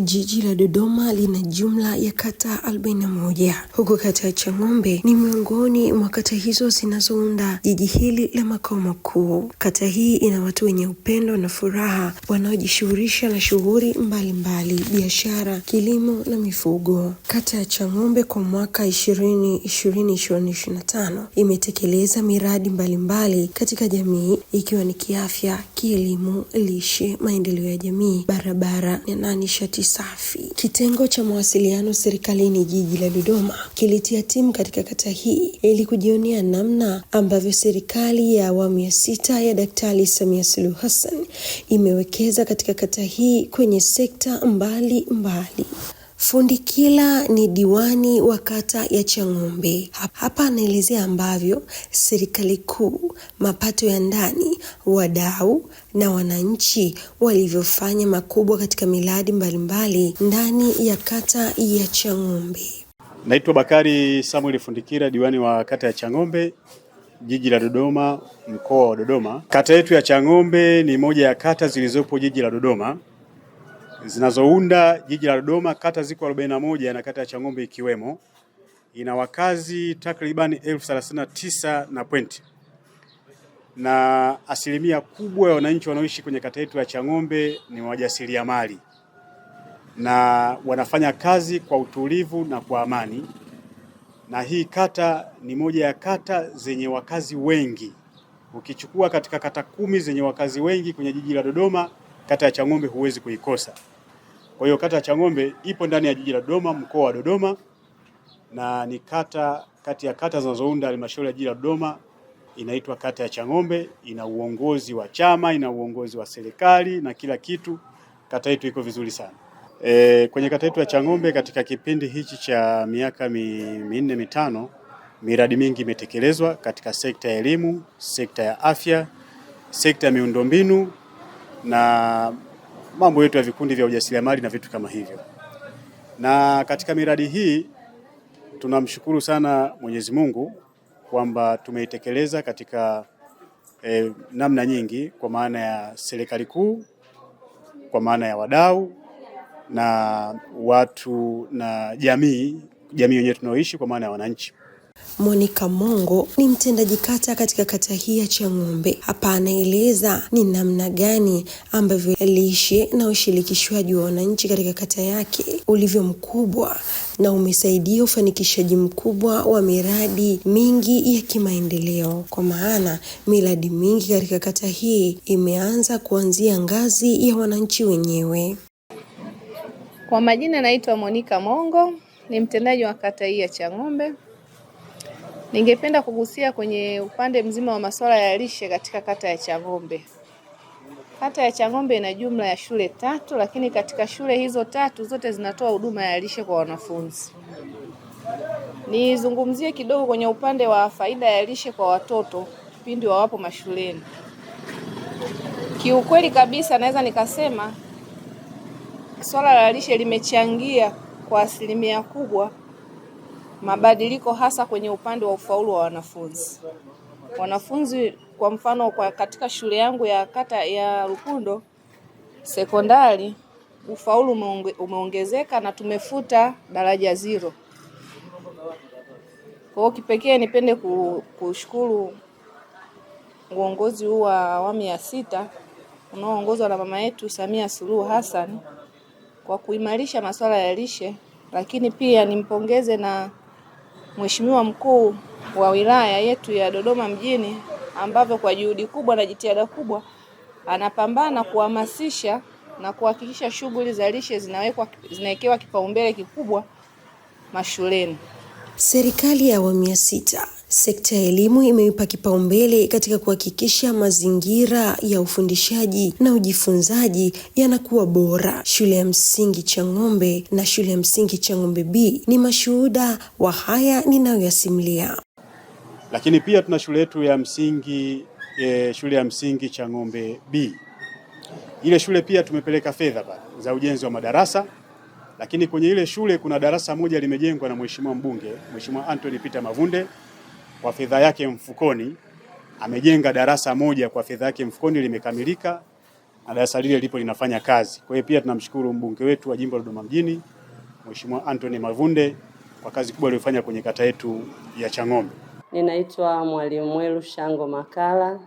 Jiji la Dodoma lina jumla ya kata 41 na huku kata ya Chang'ombe ni miongoni mwa kata hizo zinazounda jiji hili la makao makuu. Kata hii ina watu wenye upendo na furaha wanaojishughulisha na shughuli mbalimbali, biashara, kilimo na mifugo. Kata ya Chang'ombe kwa mwaka 2020-2025 imetekeleza miradi mbalimbali mbali katika jamii ikiwa ni kiafya, kielimu, lishe, maendeleo ya jamii, barabara na nishati safi. Kitengo cha mawasiliano serikalini jiji la Dodoma kilitia timu katika kata hii ili kujionea namna ambavyo serikali ya awamu ya sita ya Daktari Samia Suluhu Hassan imewekeza katika kata hii kwenye sekta mbali mbali. Kila ni diwani wa kata ya Chang'ombe. Hapa anaelezea ambavyo serikali kuu, mapato ya ndani, wadau na wananchi walivyofanya makubwa katika miradi mbalimbali ndani ya kata ya Chang'ombe. Naitwa Bakari Samuel Fundikila, diwani wa kata ya Chang'ombe, jiji la Dodoma, mkoa wa Dodoma. Kata yetu ya Chang'ombe ni moja ya kata zilizopo jiji la Dodoma zinazounda jiji la Dodoma. Kata ziko 41 na kata ya Chang'ombe ikiwemo, ina wakazi takribani elfu thelathini na tisa na pwenti, na asilimia kubwa ya wananchi wanaoishi kwenye kata yetu ya Chang'ombe ni wajasiriamali na wanafanya kazi kwa utulivu na kwa amani, na hii kata ni moja ya kata zenye wakazi wengi. Ukichukua katika kata kumi zenye wakazi wengi kwenye jiji la Dodoma kata ya Chang'ombe huwezi kuikosa. Kwa hiyo kata ya Chang'ombe ipo ndani ya jiji la Dodoma, mkoa wa Dodoma, na ni kata kati ya kata zinazounda halmashauri ya jiji la Dodoma, inaitwa kata ya Chang'ombe. Ina uongozi wa chama, ina uongozi wa serikali na kila kitu. Kata yetu iko vizuri sana. E, kwenye kata yetu ya Chang'ombe katika kipindi hichi cha miaka minne mitano, miradi mingi imetekelezwa katika sekta ya elimu, sekta ya afya, sekta ya miundombinu na mambo yetu ya vikundi vya ujasiriamali na vitu kama hivyo. Na katika miradi hii tunamshukuru sana Mwenyezi Mungu kwamba tumeitekeleza katika eh, namna nyingi, kwa maana ya serikali kuu, kwa maana ya wadau na watu na jamii jamii yenyewe tunaoishi, kwa maana ya wananchi. Monica Mongo ni mtendaji kata katika kata hii ya Chang'ombe. Hapa anaeleza ni namna gani ambavyo lishe na ushirikishwaji wa wananchi katika kata yake ulivyo mkubwa na umesaidia ufanikishaji mkubwa wa miradi mingi ya kimaendeleo, kwa maana miradi mingi katika kata hii imeanza kuanzia ngazi ya wananchi wenyewe. Kwa majina naitwa Monica Mongo, ni mtendaji wa kata hii ya Chang'ombe. Ningependa kugusia kwenye upande mzima wa masuala ya lishe katika kata ya Chang'ombe. Kata ya Chang'ombe ina jumla ya shule tatu, lakini katika shule hizo tatu zote zinatoa huduma ya lishe kwa wanafunzi. Nizungumzie kidogo kwenye upande wa faida ya lishe kwa watoto pindi wawapo mashuleni. Kiukweli kabisa naweza nikasema swala la lishe limechangia kwa asilimia kubwa mabadiliko hasa kwenye upande wa ufaulu wa wanafunzi. Wanafunzi kwa mfano kwa katika shule yangu ya kata ya Rukundo sekondari ufaulu umeonge, umeongezeka na tumefuta daraja zero. Kwa hiyo kipekee nipende kushukuru uongozi huu wa awamu ya sita unaoongozwa na mama yetu Samia Suluhu Hassan kwa kuimarisha masuala ya lishe, lakini pia nimpongeze na Mheshimiwa Mkuu wa wilaya yetu ya Dodoma mjini, ambavyo kwa juhudi kubwa na jitihada kubwa anapambana kuhamasisha na kuhakikisha shughuli za lishe zinawekwa zinawekewa kipaumbele kikubwa mashuleni. Serikali ya awamu ya sita Sekta ya elimu imeipa kipaumbele katika kuhakikisha mazingira ya ufundishaji na ujifunzaji yanakuwa bora. Shule ya msingi Chang'ombe na shule ya msingi Chang'ombe B ni mashuhuda wa haya ninayoyasimulia. Lakini pia tuna shule yetu ya msingi e, shule ya msingi Chang'ombe B. Ile shule pia tumepeleka fedha pale za ujenzi wa madarasa, lakini kwenye ile shule kuna darasa moja limejengwa na mheshimiwa mbunge, Mheshimiwa Anthony Peter Mavunde kwa fedha yake mfukoni amejenga darasa moja kwa fedha yake mfukoni limekamilika na darasa lile lipo linafanya kazi. Kwa hiyo pia tunamshukuru mbunge wetu wa jimbo la Dodoma mjini Mheshimiwa Anthony Mavunde kwa kazi kubwa aliyofanya kwenye kata yetu ya Chang'ombe. Ninaitwa Mwalimu Mwelu Shango Makala,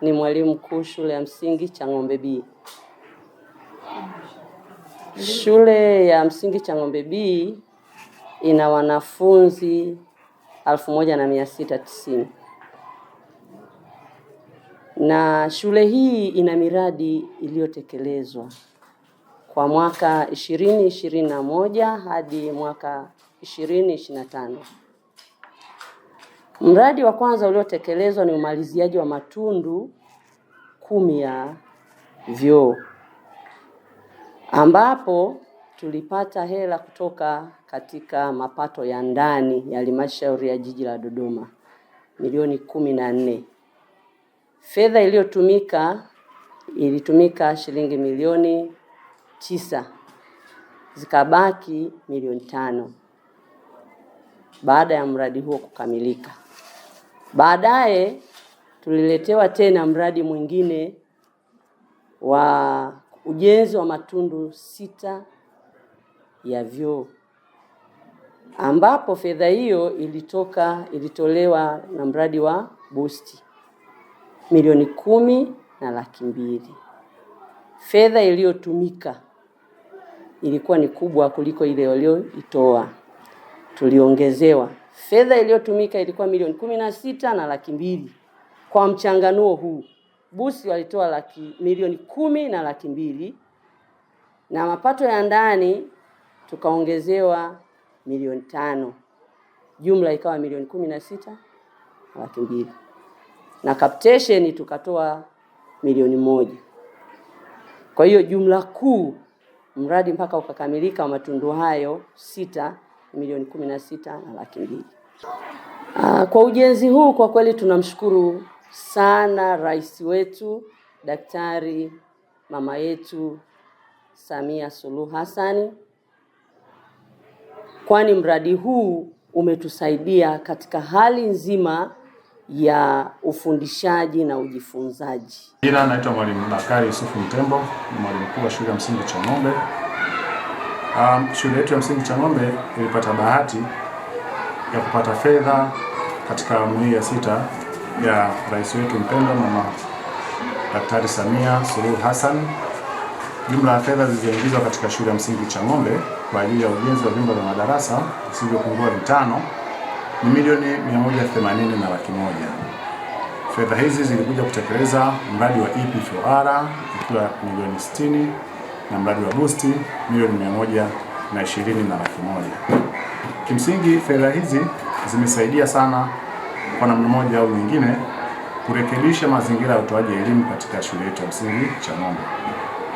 ni mwalimu mkuu shule ya msingi Chang'ombe B. Shule ya msingi Chang'ombe B ina wanafunzi elfu moja na mia sita tisini na shule hii ina miradi iliyotekelezwa kwa mwaka ishirini ishirini na moja hadi mwaka ishirini ishirini na tano. Mradi wa kwanza uliotekelezwa ni umaliziaji wa matundu kumi ya vyoo ambapo tulipata hela kutoka katika mapato ya ndani ya halmashauri ya jiji la Dodoma milioni kumi na nne. Fedha iliyotumika ilitumika shilingi milioni tisa, zikabaki milioni tano baada ya mradi huo kukamilika. Baadaye tuliletewa tena mradi mwingine wa ujenzi wa matundu sita ya vyuo ambapo fedha hiyo ilitoka ilitolewa na mradi wa Busti milioni kumi na laki mbili. Fedha iliyotumika ilikuwa ni kubwa kuliko ile walioitoa. Tuliongezewa fedha iliyotumika ilikuwa milioni kumi na sita na laki mbili kwa mchanganuo huu. Busi walitoa laki milioni kumi na laki mbili na mapato ya ndani tukaongezewa milioni tano, jumla ikawa milioni kumi na sita na laki mbili na captation tukatoa milioni moja. Kwa hiyo jumla kuu mradi mpaka ukakamilika wa matundu hayo sita milioni kumi na sita na laki mbili. Ah, kwa ujenzi huu kwa kweli tunamshukuru sana rais wetu Daktari mama yetu Samia Suluhu Hassani kwani mradi huu umetusaidia katika hali nzima ya ufundishaji na ujifunzaji. Jina naitwa Mwalimu Bakari Yusufu Mtembo, ni mwalimu mkuu wa shule ya msingi Chang'ombe. Um, shule yetu ya msingi Chang'ombe ilipata bahati ya kupata fedha katika awamu hii ya sita ya rais wetu mpendwa Mama Daktari Samia Suluhu Hassan Jumla ya fedha zilizoingizwa katika shule ya msingi Chang'ombe kwa ajili ya ujenzi wa vyumba vya madarasa visivyopungua vitano ni milioni 180 na laki moja. Fedha hizi zilikuja kutekeleza mradi wa EPFR ikiwa milioni 60 na mradi wa BOOST milioni 120 na laki moja. Kimsingi fedha hizi zimesaidia sana kwa namna moja au nyingine kurekebisha mazingira ya utoaji elimu katika shule yetu ya msingi Chang'ombe.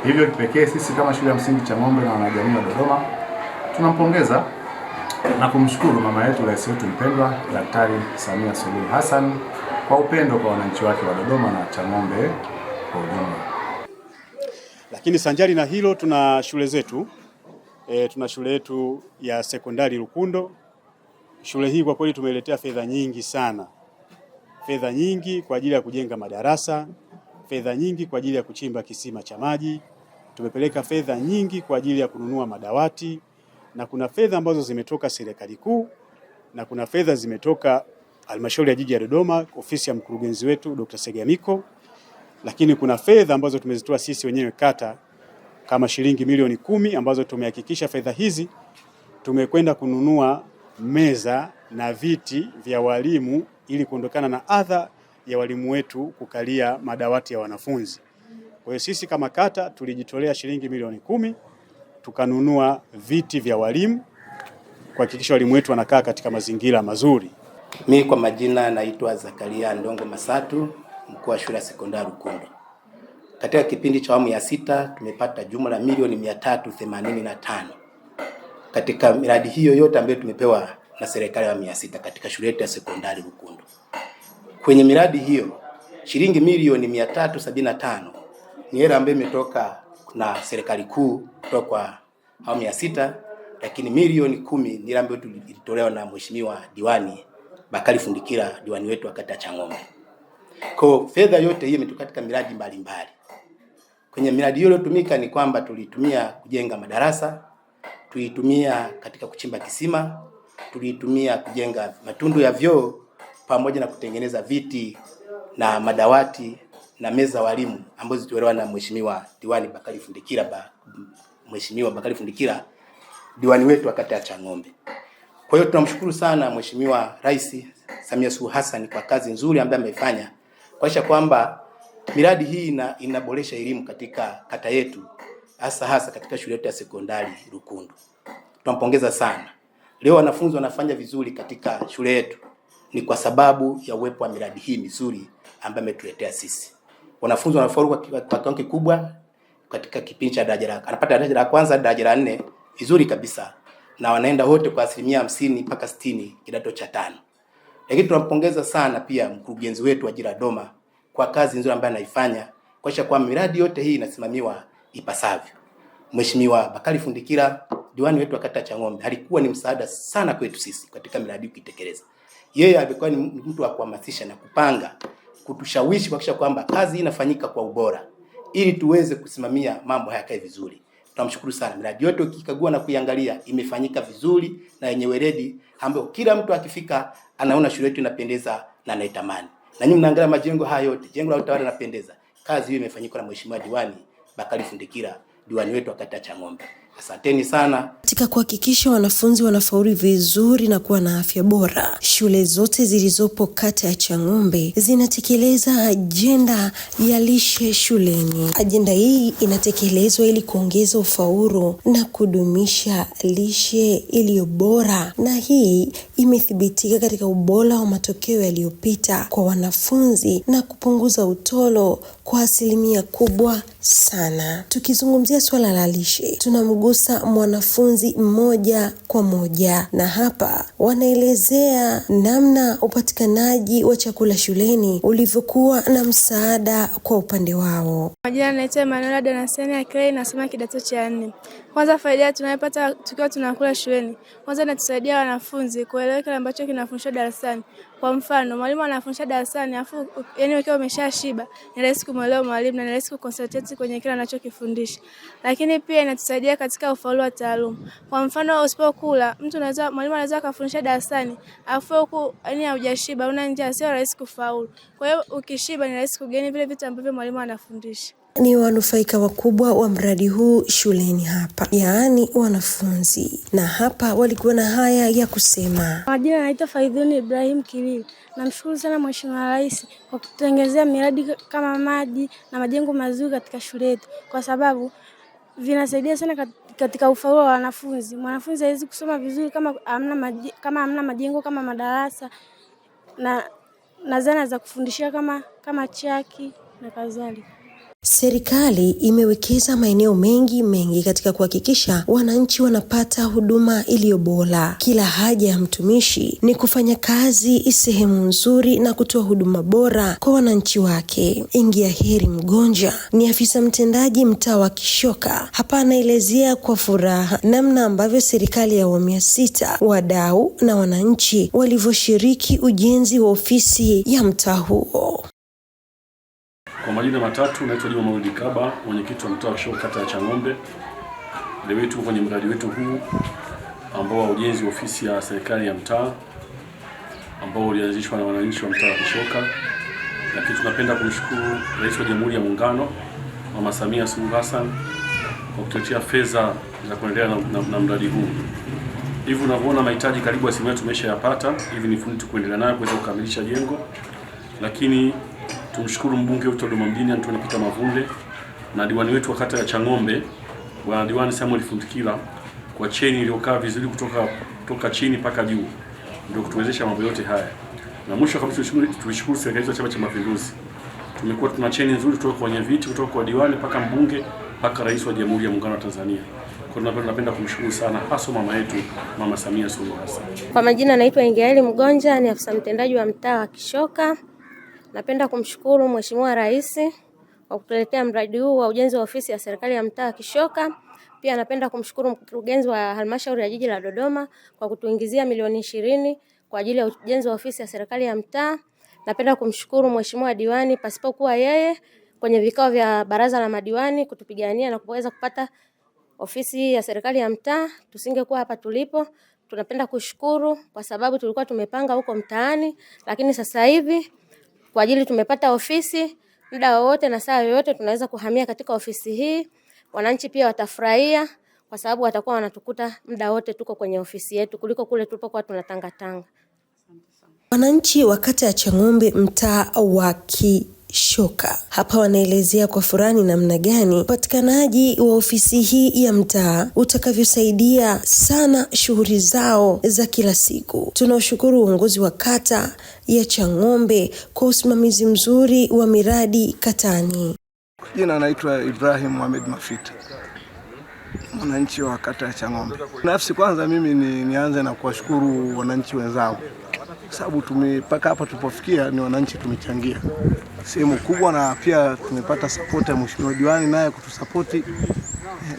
Hivyo kipekee sisi kama shule ya msingi Chang'ombe na wanajamii wa Dodoma tunampongeza na kumshukuru mama yetu rais wetu mpendwa Daktari Samia Suluhu Hassan kwa upendo kwa wananchi wake wa Dodoma na Chang'ombe kwa ujumla. Lakini sanjari na hilo, tuna shule zetu e, tuna shule yetu ya sekondari Lukundo. Shule hii kwa kweli tumeletea fedha nyingi sana, fedha nyingi kwa ajili ya kujenga madarasa fedha nyingi kwa ajili ya kuchimba kisima cha maji, tumepeleka fedha nyingi kwa ajili ya kununua madawati, na kuna fedha ambazo zimetoka serikali kuu na kuna fedha zimetoka halmashauri ya jiji ya Dodoma, ofisi ya mkurugenzi wetu Dr. Segamiko, lakini kuna fedha ambazo tumezitoa sisi wenyewe kata kama shilingi milioni kumi ambazo tumehakikisha fedha hizi tumekwenda kununua meza na viti vya walimu ili kuondokana na adha ya walimu wetu kukalia madawati ya wanafunzi. Kwa hiyo sisi kama kata tulijitolea shilingi milioni kumi tukanunua viti vya walimu kuhakikisha walimu wetu wanakaa katika mazingira mazuri. Mi kwa majina naitwa Zakaria Ndongo Masatu, mkuu wa shule ya sekondari Rukundo. Katika kipindi cha awamu ya sita tumepata jumla milioni mia tatu themanini na tano katika miradi hiyo yote ambayo tumepewa na serikali ya awamu ya sita katika shule yetu ya sekondari Rukundo. Kwenye miradi hiyo shilingi milioni mia tatu sabini na tano ni hela ambayo imetoka na serikali kuu kutoka kwa awamu ya sita, lakini milioni kumi ni hela ambayo ilitolewa na mheshimiwa diwani Bakari Fundikira, diwani wetu wa kata ya Chang'ombe. Kwa fedha yote hiyo imetoka katika miradi mbalimbali. Kwenye miradi hiyo iliyotumika ni kwamba tulitumia kujenga madarasa, tulitumia katika kuchimba kisima, tulitumia kujenga matundu ya vyoo pamoja na kutengeneza viti na madawati na meza walimu ambazo zitolewa na Mheshimiwa Diwani Bakari Fundikira ba, Mheshimiwa Bakari Fundikira diwani wetu wa kata ya Chang'ombe. Kwa hiyo tunamshukuru sana Mheshimiwa Rais Samia Suluhu Hassan kwa kazi nzuri ambayo ameifanya kuhakikisha kwamba miradi hii ina, inaboresha elimu katika kata yetu hasa hasa katika shule yetu ya sekondari Rukundu. Tunampongeza sana. Leo wanafunzi wanafanya vizuri katika shule yetu ni kwa sababu ya uwepo wa miradi hii mizuri ambayo ametuletea sisi. Wanafunzi wanafaulu kwa kiwango kikubwa katika kipindi cha daraja la anapata daraja la kwanza, daraja la nne vizuri kabisa, na wanaenda wote kwa asilimia hamsini mpaka sitini kidato cha tano. Lakini tunampongeza sana pia mkurugenzi wetu wa ajira Dodoma kwa kazi nzuri ambayo anaifanya kuhakikisha kwa miradi yote hii inasimamiwa ipasavyo. Mheshimiwa Bakari Fundikira diwani wetu wa kata cha Ng'ombe, alikuwa ni msaada sana kwetu sisi katika miradi kuitekeleza yeye alikuwa ni mtu wa kuhamasisha na kupanga, kutushawishi kuhakikisha kwamba kazi inafanyika kwa ubora ili tuweze kusimamia mambo haya kae vizuri. Tunamshukuru sana, miradi yote ukikagua na kuiangalia imefanyika vizuri na yenye weledi, ambayo kila mtu akifika anaona shule yetu inapendeza na anaitamani. Na nyinyi mnaangalia majengo haya yote, jengo la utawala linapendeza. Kazi hiyo imefanyika na Mheshimiwa Diwani Bakari Fundikira, diwani wetu wa kata ya Asanteni sana. Katika kuhakikisha wanafunzi wanafauri vizuri na kuwa na afya bora, shule zote zilizopo kata ya Chang'ombe zinatekeleza ajenda ya lishe shuleni. Ajenda hii inatekelezwa ili kuongeza ufaulu na kudumisha lishe iliyo bora, na hii imethibitika katika ubora wa matokeo yaliyopita kwa wanafunzi na kupunguza utolo kwa asilimia kubwa sana. Tukizungumzia suala la lishe, tunamgusa mwanafunzi moja kwa moja, na hapa wanaelezea namna upatikanaji wa chakula shuleni ulivyokuwa na msaada kwa upande wao. Majina naitwa Emanuela Danaseni Akilei, nasoma kidato cha nne. Kwanza faida tunayopata tukiwa tunakula shuleni, kwanza inatusaidia wanafunzi kuelewa kile ambacho kinafundishwa darasani kwa mfano mwalimu anafundisha darasani afu yani ukiwa umeshashiba ni rahisi kumwelewa mwalimu na ni rahisi kuconcentrate kwenye kile anachokifundisha. Lakini pia inatusaidia katika ufaulu wa taaluma. Kwa mfano usipokula, mtu anaweza mwalimu anaweza akafundisha darasani afu huku yani haujashiba, una njaa, sio rahisi kufaulu. Kwa hiyo ukishiba ni rahisi kugeni vile vitu ambavyo mwalimu anafundisha ni wanufaika wakubwa wa mradi huu shuleni hapa, yaani wanafunzi. Na hapa walikuwa na haya ya kusema. Majina anaitwa Faidhuni Ibrahim Kilili. Namshukuru sana Mheshimiwa Rais kwa kutengezea miradi kama maji na majengo mazuri katika shule yetu, kwa sababu vinasaidia sana katika ufaulu wa wanafunzi. Mwanafunzi hawezi kusoma vizuri kama hamna maji, kama hamna majengo kama madarasa na, na zana za kufundishia kama, kama chaki na kadhalika. Serikali imewekeza maeneo mengi mengi katika kuhakikisha wananchi wanapata huduma iliyo bora. Kila haja ya mtumishi ni kufanya kazi sehemu nzuri na kutoa huduma bora kwa wananchi wake. Ingia Heri Mgonja ni afisa mtendaji mtaa wa Kishoka. Hapa anaelezea kwa furaha namna ambavyo serikali ya awamu ya sita, wadau na wananchi walivyoshiriki ujenzi wa ofisi ya mtaa huo. Kwa majina matatu, naitwa Juma Maulidi Kaba, mwenyekiti wa mtaa wa Kishauri kata ya Chang'ombe. Leo tuko kwenye mradi wetu huu ambao wa ujenzi wa ofisi ya serikali ya mtaa ambao ulianzishwa na wananchi wa mtaa wa Kishoka, lakini tunapenda kumshukuru Rais wa Jamhuri ya Muungano Mama Samia Suluhu Hassan kwa kutuletea fedha za kuendelea na, na, na mradi huu. Hivi unavyoona mahitaji karibu asilimia tumeshayapata, hivi ni fundi tu kuendelea nayo kuweza kukamilisha jengo, lakini Tumshukuru mbunge wetu wa Dodoma mjini Anthony Peter Mavunde na diwani wetu wa kata ya Chang'ombe bwana diwani Samuel Fundikila kwa cheni iliyokaa vizuri kutoka kutoka chini mpaka juu, ndio kutuwezesha mambo yote haya. Na mwisho kabisa tumshukuru serikali ya Chama cha Mapinduzi. Tumekuwa tuna cheni nzuri kutoka kwenye viti kutoka kwa diwani mpaka mbunge mpaka rais wa Jamhuri ya Muungano wa Tanzania. Kwa hiyo tunapenda kumshukuru sana hasa mama yetu Mama Samia Suluhu Hassan. Kwa majina naitwa Ingiaeli Mgonja, ni afisa mtendaji wa mtaa wa Kishoka. Napenda kumshukuru Mheshimiwa Rais kwa kutuletea mradi huu wa ujenzi wa ofisi ya serikali ya mtaa Kishoka. Pia napenda kumshukuru mkurugenzi wa halmashauri ya jiji la Dodoma kwa kutuingizia milioni ishirini kwa ajili ya ujenzi wa ofisi ya serikali ya mtaa. Napenda kumshukuru Mheshimiwa diwani, pasipokuwa yeye kwenye vikao vya baraza la madiwani kutupigania na kuweza kupata ofisi ya serikali ya mtaa, tusingekuwa hapa tulipo. Tunapenda kushukuru kwa sababu tulikuwa tumepanga huko mtaani, lakini sasa hivi kwa ajili tumepata ofisi, muda wowote na saa yoyote tunaweza kuhamia katika ofisi hii. Wananchi pia watafurahia kwa sababu watakuwa wanatukuta muda wote tuko kwenye ofisi yetu kuliko kule tulipokuwa tunatangatanga. Wananchi wa kata ya Chang'ombe mtaa wa ki Shoka. Hapa wanaelezea kwa furani namna gani upatikanaji wa ofisi hii ya mtaa utakavyosaidia sana shughuli zao za kila siku. tunaoshukuru uongozi wa kata ya Chang'ombe kwa usimamizi mzuri wa miradi katani. Jina anaitwa Ibrahim Mohamed Mafita, mwananchi wa kata ya Chang'ombe. Nafsi kwanza mimi ni nianze na kuwashukuru wananchi wenzangu sababu mpaka hapa tulipofikia ni wananchi tumechangia sehemu kubwa, na pia tumepata sapoti ya mheshimiwa diwani naye kutusapoti.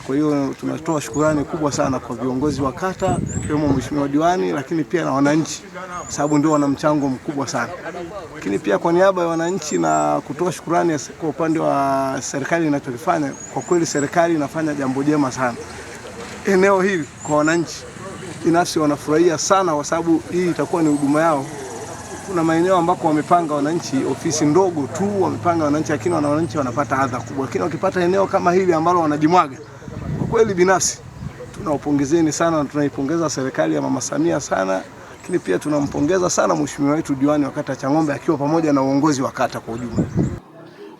Kwa hiyo tunatoa shukurani kubwa sana kwa viongozi wa kata ikiwemo mheshimiwa diwani, lakini pia na wananchi, sababu ndio wana mchango mkubwa sana. Lakini pia kwa niaba ya wananchi na kutoa shukurani kwa upande wa serikali inachokifanya, kwa kweli serikali inafanya jambo jema sana eneo hili kwa wananchi binafsi wanafurahia sana, kwa sababu hii itakuwa ni huduma yao. Kuna maeneo ambako wamepanga wananchi ofisi ndogo tu, wamepanga wananchi, lakini wananchi wanapata adha kubwa, lakini wakipata eneo kama hili ambalo wanajimwaga kwa kweli, binafsi tunaupongezeni sana, tunaipongeza serikali ya Mama Samia sana, lakini pia tunampongeza sana mheshimiwa wetu diwani wa kata Chang'ombe akiwa pamoja na uongozi wa kata kwa ujumla.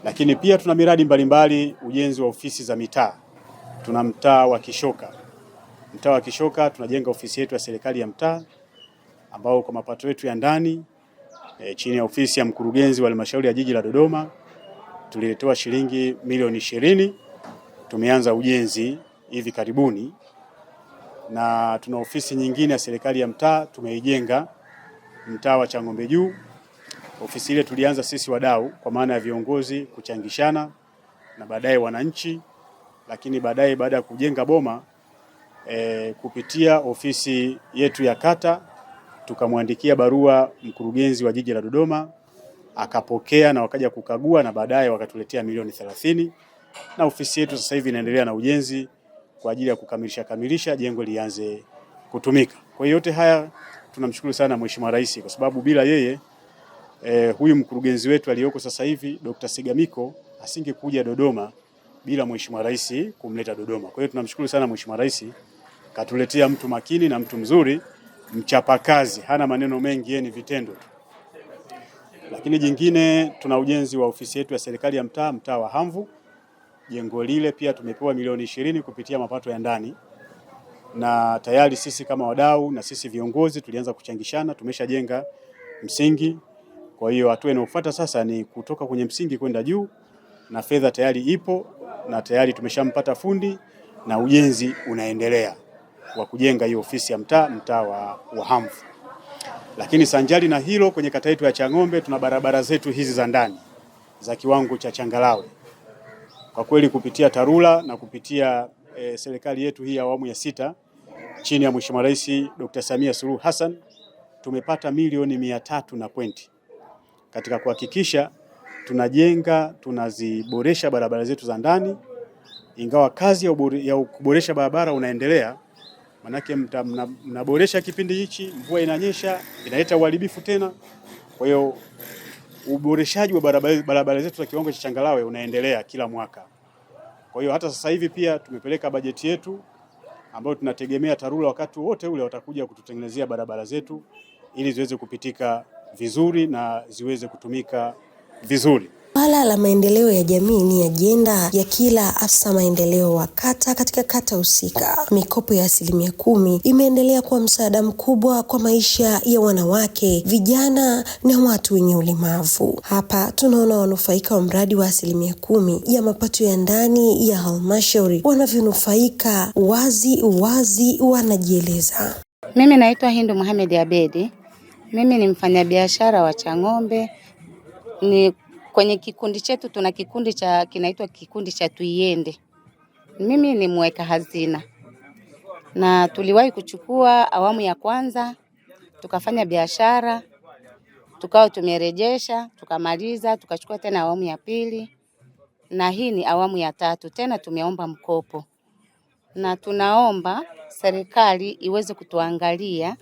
Lakini pia tuna miradi mbalimbali, ujenzi wa ofisi za mitaa, tuna mtaa wa Kishoka mtaa wa Kishoka tunajenga ofisi yetu ya serikali ya mtaa ambao kwa mapato yetu ya ndani e, chini ya ofisi ya mkurugenzi wa halmashauri ya jiji la Dodoma tuliletewa shilingi milioni ishirini. Tumeanza ujenzi hivi karibuni, na tuna ofisi nyingine ya serikali ya mtaa tumeijenga mtaa wa Changombe Juu. Ofisi ile tulianza sisi wadau, kwa maana ya viongozi kuchangishana na baadaye wananchi, lakini baadaye baada ya kujenga boma e, kupitia ofisi yetu ya kata tukamwandikia barua mkurugenzi wa jiji la Dodoma akapokea na wakaja kukagua na baadaye wakatuletea milioni thelathini, na ofisi yetu sasa hivi inaendelea na ujenzi kwa ajili ya kukamilisha kamilisha jengo lianze kutumika. Kwa hiyo yote haya tunamshukuru sana Mheshimiwa Rais kwa sababu bila yeye e, huyu mkurugenzi wetu aliyoko sasa hivi Dr. Sigamiko asingekuja Dodoma bila Mheshimiwa Rais kumleta Dodoma. Kwa hiyo tunamshukuru sana Mheshimiwa Rais katuletea mtu makini na mtu mzuri, mchapakazi, hana maneno mengi, yeye ni vitendo tu. Lakini jingine, tuna ujenzi wa ofisi yetu ya serikali ya mtaa, mtaa wa Hamvu. Jengo lile pia tumepewa milioni ishirini kupitia mapato ya ndani, na tayari sisi kama wadau na sisi viongozi tulianza kuchangishana, tumeshajenga msingi. Kwa hiyo hatua inayofuata sasa ni kutoka kwenye msingi kwenda juu, na fedha tayari ipo na tayari tumeshampata fundi na ujenzi unaendelea wa kujenga hiyo ofisi ya mtaa mtaa wa, wa Hamvu. Lakini sanjali na hilo, kwenye kata yetu ya Chang'ombe tuna barabara zetu hizi za ndani za kiwango cha changalawe. Kwa kweli kupitia TARURA na kupitia e, serikali yetu hii ya awamu ya sita chini ya Mheshimiwa Rais Dr. Samia Suluhu Hassan tumepata milioni mia tatu na pointi katika kuhakikisha tunajenga tunaziboresha barabara zetu za ndani, ingawa kazi ya kuboresha barabara unaendelea manake mnaboresha mna kipindi hichi mvua inanyesha inaleta uharibifu tena. Kwa hiyo uboreshaji wa barabara, barabara zetu za kiwango cha changalawe unaendelea kila mwaka. Kwa hiyo hata sasa hivi pia tumepeleka bajeti yetu ambayo tunategemea TARURA wakati wote ule watakuja kututengenezea barabara zetu ili ziweze kupitika vizuri na ziweze kutumika vizuri. Pala la maendeleo ya jamii ni ajenda ya kila afisa maendeleo wa kata katika kata husika. Mikopo ya asilimia kumi imeendelea kuwa msaada mkubwa kwa maisha ya wanawake, vijana na watu wenye ulemavu. Hapa tunaona wanufaika wa mradi wa asilimia kumi ya mapato ya ndani ya halmashauri wanavyonufaika wazi wazi, wanajieleza. Mimi naitwa Hindu muhamedi Abedi, mimi ni mfanyabiashara wa Chang'ombe ni Kwenye kikundi chetu tuna kikundi cha kinaitwa kikundi cha Tuiende. Mimi ni mweka hazina, na tuliwahi kuchukua awamu ya kwanza, tukafanya biashara, tukawa tumerejesha, tukamaliza, tukachukua tena awamu ya pili, na hii ni awamu ya tatu. Tena tumeomba mkopo, na tunaomba serikali iweze kutuangalia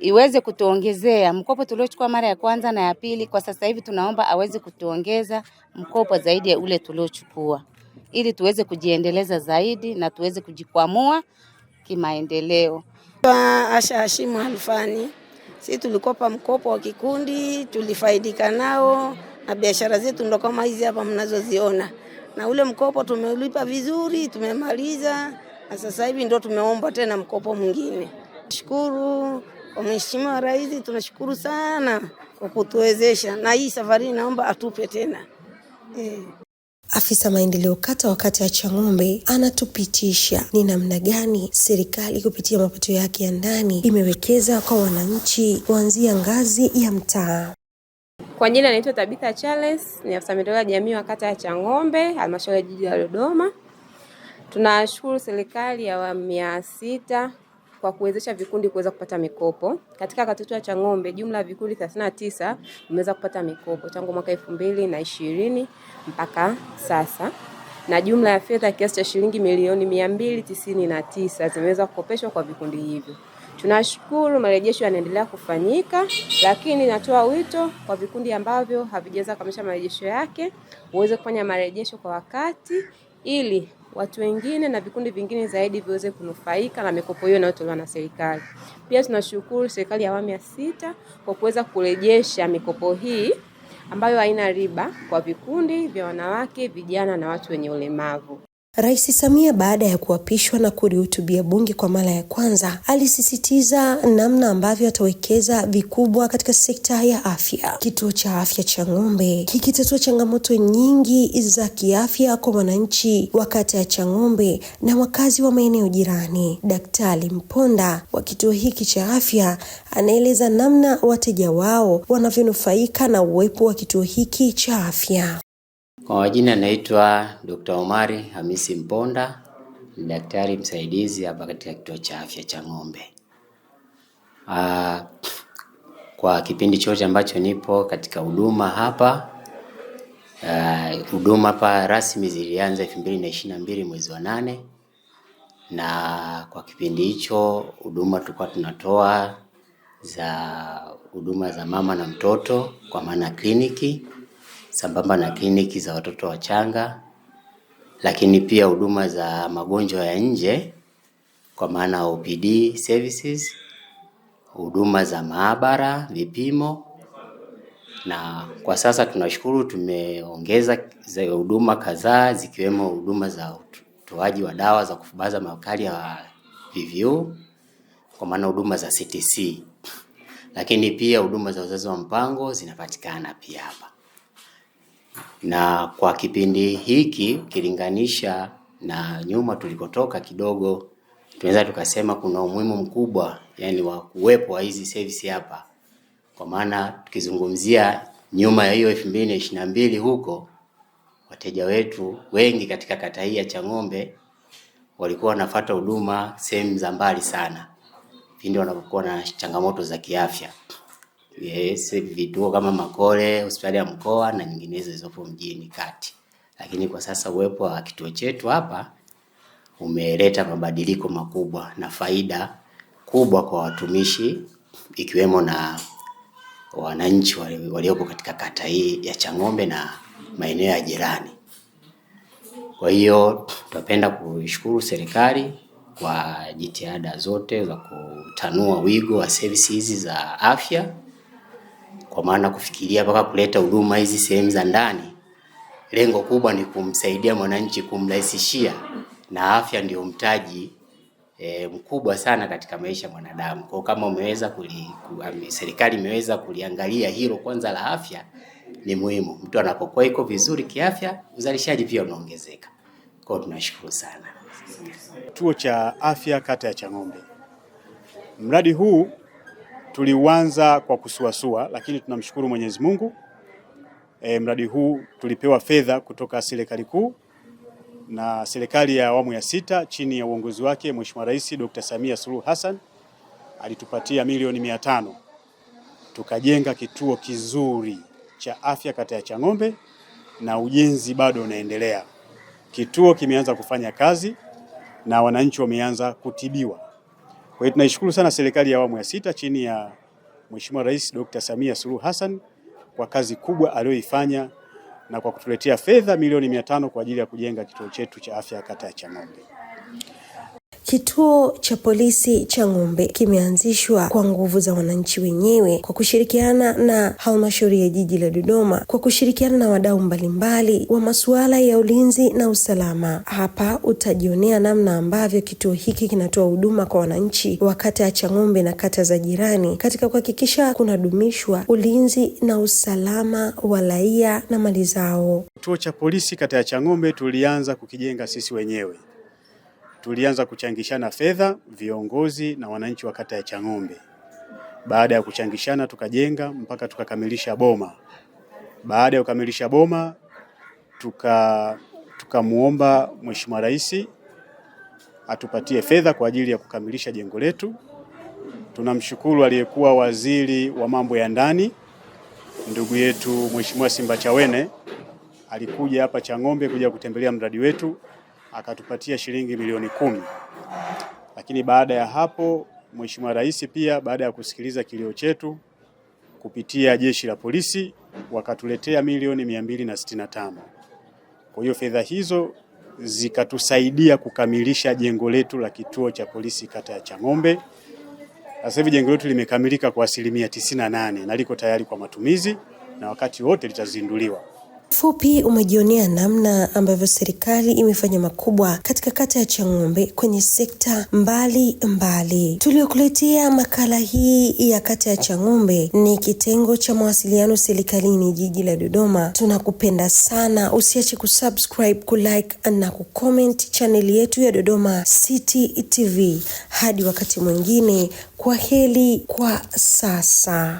iweze kutuongezea mkopo tuliochukua mara ya kwanza na ya pili. Kwa sasa hivi tunaomba aweze kutuongeza mkopo zaidi ya ule tuliochukua, ili tuweze kujiendeleza zaidi na tuweze kujikwamua kimaendeleo. Asha Hashimu Halfani, si tulikopa mkopo wa kikundi, tulifaidika nao na biashara zetu ndo kama hizi hapa mnazoziona, na ule mkopo tumeulipa vizuri, tumemaliza, na sasa hivi ndo tumeomba tena mkopo mwingine. Shukuru. Kwa oh, Mheshimiwa Rais tunashukuru sana kwa kutuwezesha, na hii safari naomba atupe tena e. Afisa maendeleo kata wa kata ya Chang'ombe anatupitisha ni namna gani serikali kupitia mapato yake ya ndani imewekeza kwa wananchi kuanzia ngazi ya mtaa. Kwa jina naitwa Tabitha Charles, ni afisa maendeleo ya jamii wa kata ya Chang'ombe, halmashauri ya jiji la Dodoma. Tunashukuru serikali ya awamu ya sita kwa kuwezesha vikundi kuweza kupata mikopo. Katika katutu ya Chang'ombe, jumla ya vikundi 39 vimeweza kupata mikopo tangu mwaka 2020 mpaka sasa na jumla ya fedha kiasi cha shilingi milioni mia mbili tisini na tisa zimeweza kukopeshwa kwa vikundi hivyo. Tunashukuru, marejesho yanaendelea kufanyika, lakini natoa wito kwa vikundi ambavyo havijaweza kukamilisha marejesho yake uweze kufanya marejesho kwa wakati ili watu wengine na vikundi vingine zaidi viweze kunufaika na mikopo hiyo inayotolewa na serikali. Pia tunashukuru serikali ya awamu ya sita kwa kuweza kurejesha mikopo hii ambayo haina riba kwa vikundi vya wanawake, vijana na watu wenye ulemavu. Rais Samia baada ya kuapishwa na kulihutubia bunge kwa mara ya kwanza alisisitiza namna ambavyo atawekeza vikubwa katika sekta ya afya. Kituo cha afya cha Ng'ombe kikitatua changamoto nyingi za kiafya kwa wananchi wa kata ya Chang'ombe na wakazi wa maeneo jirani. Daktari Mponda wa kituo hiki cha afya anaeleza namna wateja wao wanavyonufaika na uwepo wa kituo hiki cha afya. Kwa majina naitwa Dr. Omari Hamisi Mponda, ni daktari msaidizi hapa katika kituo cha afya cha Ng'ombe. Aa, ah, kwa kipindi chote ambacho nipo katika huduma hapa ah, huduma uh, hapa rasmi zilianza elfu mbili na ishirini na mbili mwezi wa nane, na kwa kipindi hicho huduma tulikuwa tunatoa za huduma za mama na mtoto kwa maana kliniki sambamba na kliniki za watoto wachanga, lakini pia huduma za magonjwa ya nje kwa maana OPD services, huduma za maabara, vipimo na kwa sasa tunashukuru tumeongeza huduma kadhaa zikiwemo huduma za utoaji wa dawa za kufubaza makali ya VVU kwa maana huduma za CTC, lakini pia huduma za uzazi wa mpango zinapatikana pia hapa na kwa kipindi hiki ukilinganisha na nyuma tulikotoka kidogo, tunaweza tukasema kuna umuhimu mkubwa yani wa kuwepo wa hizi service hapa, kwa maana tukizungumzia nyuma ya hiyo elfu mbili na ishirini na mbili huko wateja wetu wengi katika kata hii ya Chang'ombe walikuwa wanafuata huduma sehemu za mbali sana pindi wanapokuwa na changamoto za kiafya. Yes, vituo kama Makole, hospitali ya mkoa na nyinginezo zilizopo mjini kati. Lakini kwa sasa uwepo wa kituo chetu hapa umeleta mabadiliko makubwa na faida kubwa kwa watumishi ikiwemo na wananchi walioko katika kata hii ya Chang'ombe na maeneo ya jirani. Kwa hiyo tunapenda kushukuru serikali kwa jitihada zote za kutanua wigo wa services za afya. Kwa maana kufikiria mpaka kuleta huduma hizi sehemu za ndani, lengo kubwa ni kumsaidia mwananchi, kumrahisishia, na afya ndio mtaji e, mkubwa sana katika maisha ya mwanadamu. Kwa kama umeweza kuli, ku, serikali imeweza kuliangalia hilo kwanza la afya ni muhimu. Mtu anapokuwa iko vizuri kiafya, uzalishaji pia unaongezeka. Kwa tunashukuru sana. Kituo cha afya kata ya Chang'ombe, mradi huu Tuliuanza kwa kusuasua, lakini tunamshukuru Mwenyezi Mungu. E, mradi huu tulipewa fedha kutoka serikali kuu na serikali ya awamu ya sita chini ya uongozi wake Mheshimiwa Rais Dr. Samia Suluhu Hassan alitupatia milioni mia tano tukajenga kituo kizuri cha afya kata ya Chang'ombe na ujenzi bado unaendelea. Kituo kimeanza kufanya kazi na wananchi wameanza kutibiwa. Kwa hiyo tunaishukuru sana serikali ya awamu ya sita chini ya Mheshimiwa Rais Dr. Samia Suluhu Hassan kwa kazi kubwa aliyoifanya na kwa kutuletea fedha milioni mia tano kwa ajili ya kujenga kituo chetu cha afya kata ya Chang'ombe. Kituo cha polisi cha Ng'ombe kimeanzishwa kwa nguvu za wananchi wenyewe kwa kushirikiana na halmashauri ya jiji la Dodoma kwa kushirikiana na wadau mbalimbali wa masuala ya ulinzi na usalama. Hapa utajionea namna ambavyo kituo hiki kinatoa huduma kwa wananchi wa kata ya Chang'ombe na kata za jirani katika kuhakikisha kunadumishwa ulinzi na usalama wa raia na mali zao. Kituo cha polisi kata ya Chang'ombe tulianza kukijenga sisi wenyewe tulianza kuchangishana fedha viongozi na wananchi wa kata ya Chang'ombe. Baada ya kuchangishana, tukajenga mpaka tukakamilisha boma. Baada ya kukamilisha boma, tuka tukamwomba Mheshimiwa Rais atupatie fedha kwa ajili ya kukamilisha jengo letu. Tunamshukuru aliyekuwa waziri wa mambo ya ndani ndugu yetu Mheshimiwa Simbachawene alikuja hapa Chang'ombe kuja kutembelea mradi wetu akatupatia shilingi milioni kumi. Lakini baada ya hapo, Mheshimiwa Rais pia baada ya kusikiliza kilio chetu kupitia jeshi la polisi wakatuletea milioni mia mbili na sitini na tano. Kwa hiyo fedha hizo zikatusaidia kukamilisha jengo letu la kituo cha polisi kata ya Chang'ombe. Sasa hivi jengo letu limekamilika kwa asilimia 98 na liko tayari kwa matumizi na wakati wote litazinduliwa fupi umejionea namna ambavyo serikali imefanya makubwa katika kata ya Chang'ombe kwenye sekta mbali mbali. Tuliokuletea makala hii ya kata ya Chang'ombe ni kitengo cha mawasiliano serikalini jiji la Dodoma. Tunakupenda sana, usiache kusubscribe, kulike na kucomment chaneli yetu ya Dodoma City TV. Hadi wakati mwingine, kwa heri kwa sasa.